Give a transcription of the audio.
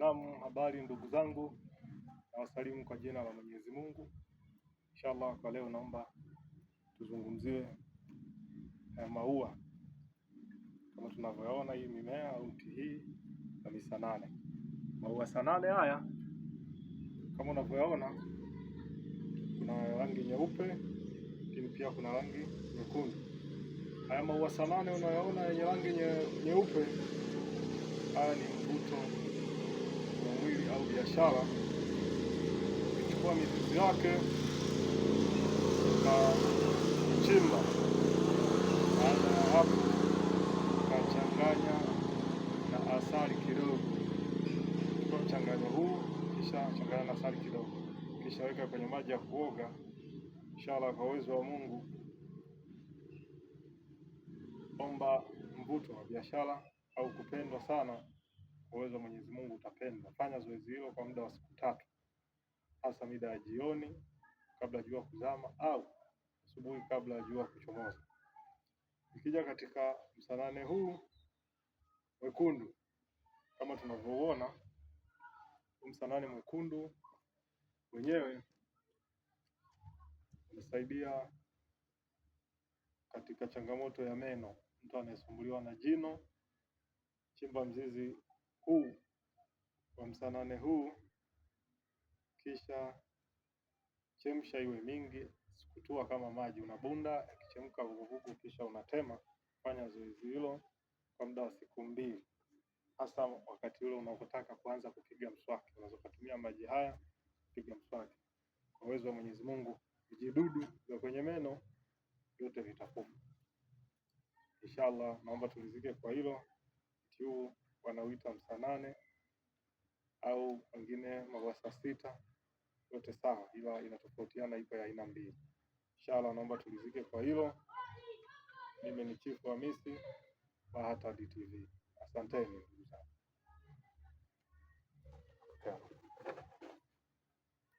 Naam, habari ndugu zangu, nawasalimu kwa jina la Mwenyezi Mungu. Inshallah kwa leo naomba tuzungumzie eh, maua kama tunavyoona hii mimea au mti hii na misanane. Maua sanane haya kama unavyoona, kuna rangi nyeupe, lakini pia kuna rangi nyekundu. Haya maua sanane unayoona yenye rangi nyeupe, haya ni mbuto wa mwili au biashara, kuchukua mizizi yake kuchimba. Baada ya hapo, ukachanganya na asali kidogo. Chukua mchanganyo huu, kisha changanya na asali kidogo, kisha weka kwenye maji ya kuoga. Inshallah, kwa uwezo wa Mungu, omba mvuto wa biashara au kupendwa sana uwezo wa Mwenyezi Mungu utapenda. Fanya zoezi hilo kwa muda wa siku tatu, hasa mida ya jioni kabla jua kuzama au asubuhi kabla jua kuchomoza. Ikija katika msalane huu mwekundu kama tunavyouona, msalane mwekundu wenyewe unasaidia katika changamoto ya meno. Mtu anayesumbuliwa na jino, chimba mzizi huu wa msanane huu, kisha chemsha iwe mingi, sikutua kama maji. Unabunda akichemka vuguvugu, kisha unatema. Fanya zoezi hilo kwa muda wa siku mbili, hasa wakati ule unapotaka kuanza kupiga mswaki. Unaweza kutumia maji haya kupiga mswaki. Kwa uwezo wa Mwenyezi Mungu, vijidudu vya kwenye meno vyote vitakufa. Inshallah, naomba tulizike kwa hilo. Mti huu wanauita msaa nane au wengine mawasa sita, yote sawa, ila inatofautiana, ipo ya aina mbili. Inshallah, naomba tulizike kwa hilo. Mimi ni Chifu Hamisi wa Bahata DTV, asanteni ndugu zangu.